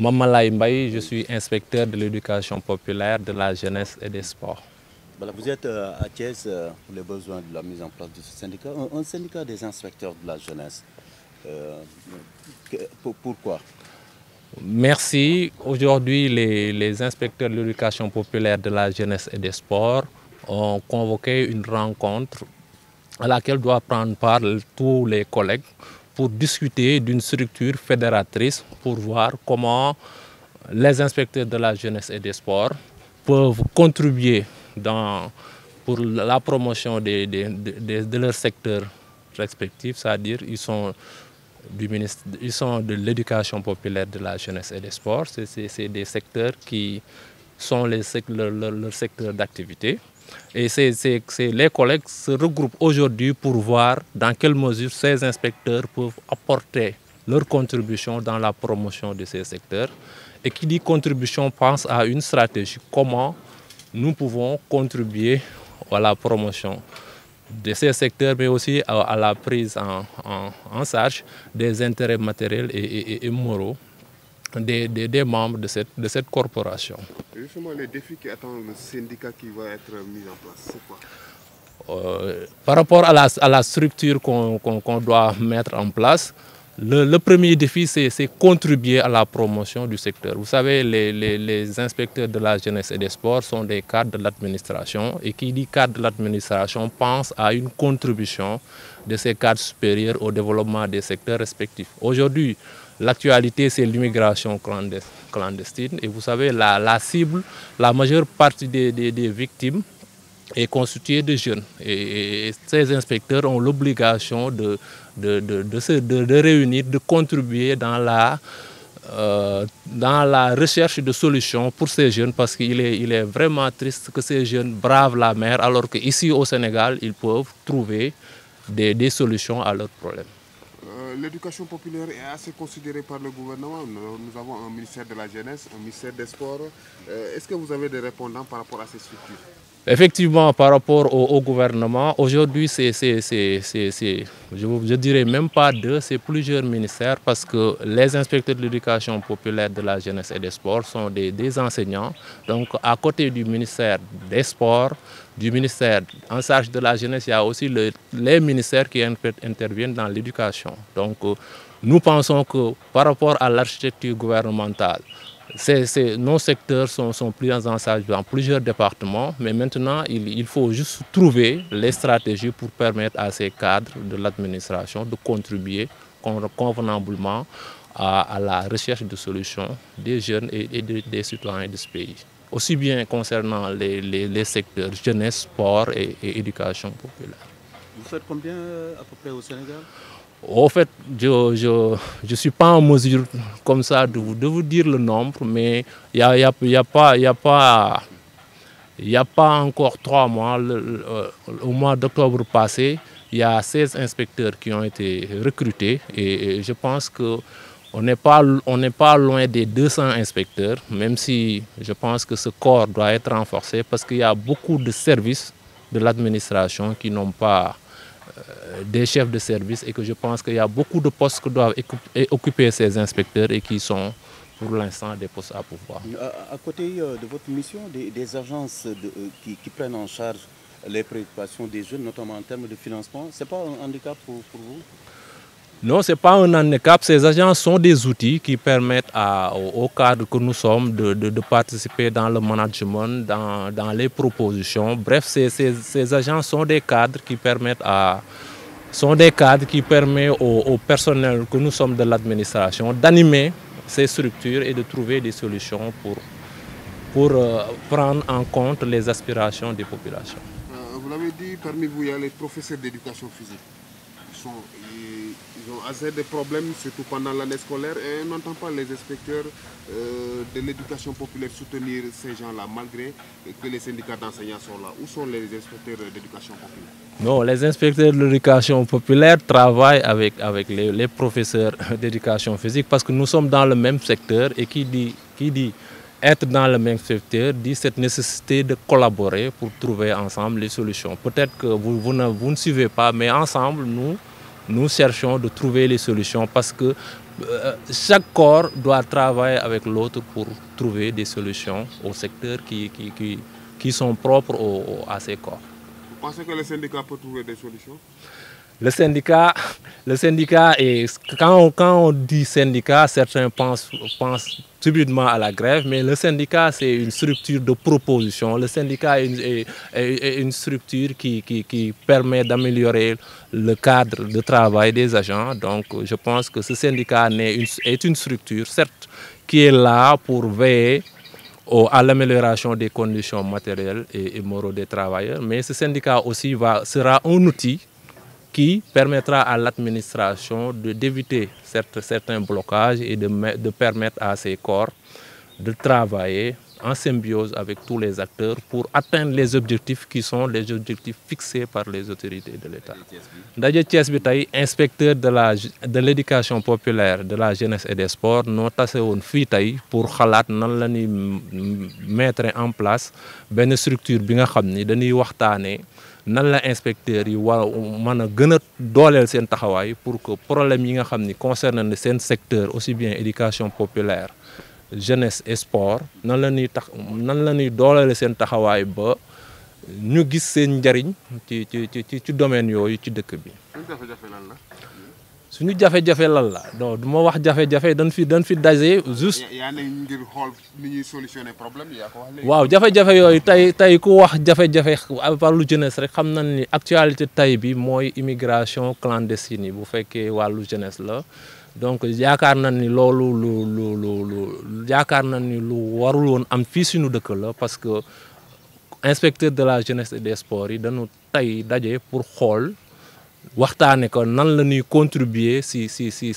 Mamalaï Mbaye, je suis inspecteur de l'éducation populaire, de la jeunesse et des sports. vous êtes euh, à Thiès euh, pour les besoins de la mise en place de ce syndicat. Un, syndicat des inspecteurs de la jeunesse. Euh, pourquoi Merci. Aujourd'hui, les, les, inspecteurs de l'éducation populaire de la jeunesse et des sports ont convoqué une rencontre à laquelle doivent prendre part tous les collègues pour discuter d'une structure fédératrice pour voir comment les inspecteurs de la jeunesse et des sports peuvent contribuer dans, pour la promotion de leur secteur respectif, c'est-à-dire ils sont du ils sont de l'éducation populaire de la jeunesse et des sports. C'est des secteurs qui sont les, leur secteur d'activité. Et c'est les collègues se regroupent aujourd'hui pour voir dans quelle mesure ces inspecteurs peuvent apporter leur contribution dans la promotion de ces secteurs. Et qui dit contribution pense à une stratégie, comment nous pouvons contribuer à la promotion de ces secteurs, mais aussi à, la prise en, en, charge des intérêts matériels et moraux des, membres de cette, corporation. Et justement, les défis qui attendent le syndicat qui va être mis en place, c'est quoi euh, Par rapport à la, structure qu'on doit mettre en place, le, premier défi, c'est contribuer à la promotion du secteur. Vous savez, les, inspecteurs de la jeunesse et des sports sont des cadres de l'administration et qui dit cadre de l'administration pense à une contribution de ces cadres supérieurs au développement des secteurs respectifs. Aujourd'hui, L'actualité, c'est l'immigration clandestine. Et vous savez, la, cible, la majeure partie des, victimes est constituée de jeunes. Et, ces inspecteurs ont l'obligation de de, de, se, réunir, de contribuer dans la, euh, dans la recherche de solutions pour ces jeunes parce qu'il est, il est vraiment triste que ces jeunes bravent la mer alors qu'ici au Sénégal, ils peuvent trouver des, des solutions à leurs problèmes. Euh, l'éducation populaire est assez considérée par le gouvernement. Nous, avons un ministère de la jeunesse, un ministère des sports. Euh, est-ce que vous avez des répondants par rapport à ces structures Effectivement, par rapport au, gouvernement, aujourd'hui, c'est, je, je dirais même pas deux, c'est plusieurs ministères parce que les inspecteurs de l'éducation populaire de la jeunesse et des sports sont des, enseignants. Donc, à côté du ministère des sports, du ministère en charge de la jeunesse, il y a aussi les ministères qui interviennent dans l'éducation. Donc, euh, nous pensons que par rapport à l'architecture gouvernementale, ces, nos secteurs sont, sont pris en charge dans plusieurs départements, mais maintenant, il, faut juste trouver les stratégies pour permettre à ces cadres de l'administration de contribuer convenablement à, la recherche de solutions des jeunes et, des, citoyens de ce pays aussi bien concernant les, secteurs jeunesse, sport et, éducation populaire. Vous faites combien à peu près au Sénégal au fait, je ne suis pas en mesure comme ça de vous, de vous dire le nombre, mais il n'y a, a, pas, a pas encore trois mois, euh, au mois d'octobre passé, il y a 16 inspecteurs qui ont été recrutés et, je pense que on n'est pas, pas loin des 200 inspecteurs, même si je pense que ce corps doit être renforcé parce qu'il y a beaucoup de services de l'administration qui n'ont pas euh, des chefs de service et que je pense qu'il y a beaucoup de postes que doivent occuper ces inspecteurs et qui sont pour l'instant des postes à pouvoir. Euh, à, côté euh, de votre mission, des, agences qui, prennent en charge les préoccupations des jeunes, notamment en termes de financement, ce n'est pas un handicap pour vous non, ce n'est pas un handicap. Ces agents sont des outils qui permettent à, au, cadre que nous sommes de, participer dans le management, dans, les propositions. Bref, ces, ces, sont des cadres qui permettent à, sont des cadres qui permettent au, personnel que nous sommes de l'administration d'animer ces structures et de trouver des solutions pour, pour euh, prendre en compte les aspirations des populations. Euh, vous l'avez dit, parmi vous, il y a les professeurs d'éducation physique. sont ils ont assez de problèmes, surtout pendant l'année scolaire, et on n'entend pas les inspecteurs euh, de l'éducation populaire soutenir ces gens-là, malgré que les syndicats d'enseignants sont là. Où sont les inspecteurs d'éducation populaire Non, les inspecteurs de l'éducation populaire travaillent avec, avec les, professeurs d'éducation physique parce que nous sommes dans le même secteur et qui dit, qui dit être dans le même secteur dit cette nécessité de collaborer pour trouver ensemble les solutions. Peut-être que vous ne suivez pas, mais ensemble, nous, nous cherchons de trouver les solutions parce que euh, chaque corps doit travailler avec l'autre pour trouver des solutions aux secteurs qui, qui, sont propres à ces corps. Vous pensez que les syndicats peuvent trouver des solutions le syndicat, le syndicat est, quand on, dit syndicat, certains pensent, pensent subitement à la grève, mais le syndicat, c'est une structure de proposition. Le syndicat est une, structure qui, permet d'améliorer le cadre de travail des agents. Donc, je pense que ce syndicat est une, structure, certes, qui est là pour veiller à l'amélioration des conditions matérielles et, morales moraux des travailleurs, mais ce syndicat aussi sera un outil qui permettra à l'administration d'éviter certains blocages et de, de permettre à ces corps de travailler en symbiose avec tous les acteurs pour atteindre les objectifs qui sont les objectifs fixés par les autorités de l'État. D'ailleurs, Thiès inspecteur de l'éducation populaire, de la jeunesse et des sports, nous avons fait pour mettre en place une structure qui nous nan la inspecteur yi war pour que problème yi nga les secteurs, aussi bien éducation populaire jeunesse et sport nan la ñuy tax nan la ñuy dooleel seen taxawaay ba ñu gis ci suñu jafe-jafe lan la non du ma wax jafe-jafe dañ fi dañ fi daje juste. yaa ngi waaw jafe-jafe yooyu tey tey ku wax jafe-jafe lu jeunesse rek xam nañ ni actualité tey bi mooy immigration clandestine yi bu fekkee wàllu jeunesse la donc yaakaar na ni loolu lu lu lu lu yaakaar na ni lu warul woon am fii suñu dëkk la parce que inspecteur de la jeunesse et des sports yi dañu tey daje pour xool. waxtaane ko nan la ñuy contribuer si si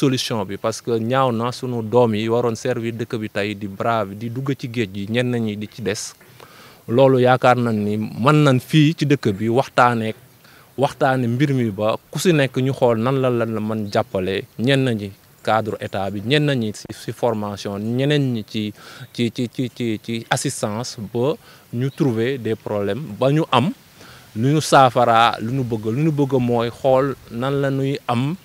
solution parce que ñaaw na sunu yi servir dëkk bi di brave di dugg ci géej gi ñi di ci des loolu yaakaar nañ ni nous nañ fii ci dëkk bi waxtaane mbir mi ba ku ñu nan la la cadre état bi ñen si formation ñeneen ñi ci ci assistance ba trouver des problèmes ba ñu am lu ñu saafara lu ñu bëgg lu ñu bëgg mooy xool nan la ñuy am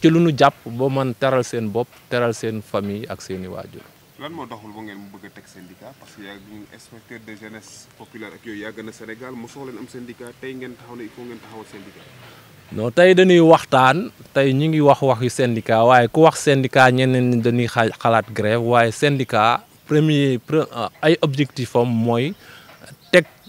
ci lu ñu jàpp ba man teral seen bopp teral seen famille ak seen i waajur. lan moo doxul ba ngeen mu bëgg a teg syndicat parce que yaa ngi inspecteur de jeunesse populaire ak yooyu yàgg na Sénégal mosoo leen am syndicat tey ngeen taxaw ne il faut ngeen taxawal syndicat. non tey dañuy waxtaan tey ñu ngi wax wax waxi syndicat waaye ku wax syndicat ñeneen ñi dañuy xalaat grève waaye syndicat premier ay objectif am mooy.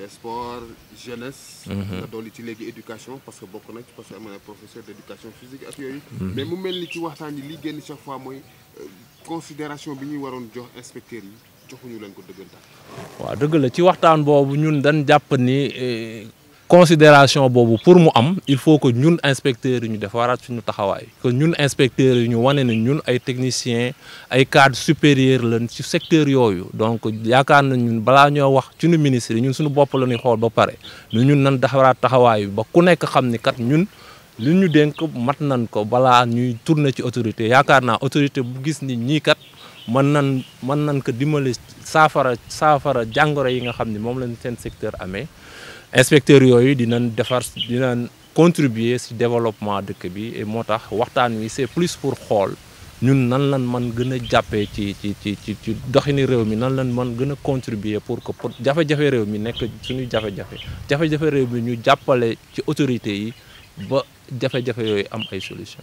des sports jeunesse. Mhm. nga dolli ci léegi éducation parce que bokk na ci parce que am professeur d'éducation physique ak yooyu. Mhm. mais mu mel ni ci waxtaan yi li génn chaque fois mooy euh, considération bi ñuy waroon jox inspecteurs yi joxuñu leen ko dëggantaan. waaw dëgg la ci waxtan bobu ñun dañ japp ni euh, considération boobu pour mu am il faut que ñun inspecteurs yu ñu defaraat suñu taxawaay ñun inspecteurs yi ñu wane ne ñun ay techniciens ay cadres supérieurs lañ ci secteur yooyu donc yaakaar nañ ñun balaa ñoo wax ci nu ministre yi ñun suñu bopp la ñuy xool ba pare ne ñun nan defaraat taxawaay ba ku nekk xam ni kat ñun lu ñu dénk mat nañ ko balaa ñuy tourner ci autorité yaakaar naa autorité bu gis ni ñii kat mën nan mën nan ko dimbali saafara saafara jàngoro yi nga xam ni moom lañu seen secteur amee inspecteurs yooyu dinañ defar dinañ contribuer ci développement dëkk bi et moo tax waxtaan wi c'est plus pour xool ñun nan lan man gën a jàppee ci ci ci ci ci doxini réew mi nan lan man gën a contribuer pour que pour jafe-jafe réew mi nekk suñu jafe-jafe jafe réew mi ñu jàppale ci autorités yi ba jafe-jafe yooyu am ay solution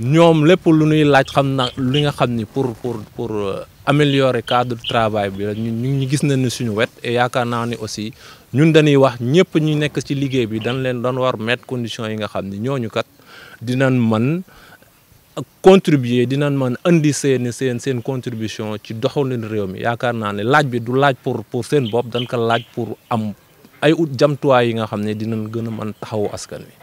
ñoom lépp lu ñuy laaj xam na li nga xam ni pour pour pour euh, améliorer cadre de travail bi la ñu ñu gis na ni suñu wet et yaakaar naa ni aussi ñun dañuy wax ñëpp ñu nekk ci liggéey bi dan leen doon war mettre conditions yi nga xam ni ñooñu kat man mën contribuer dinañ mën indi seen seen seen contribution ci doxalin réew mi yaakaar naa ne laaj bi du laaj pour pour seen bopp dañ ko laaj pour am ay ut jamtuwaay yi nga xam ne dinañ gën a mën taxawu askan wi.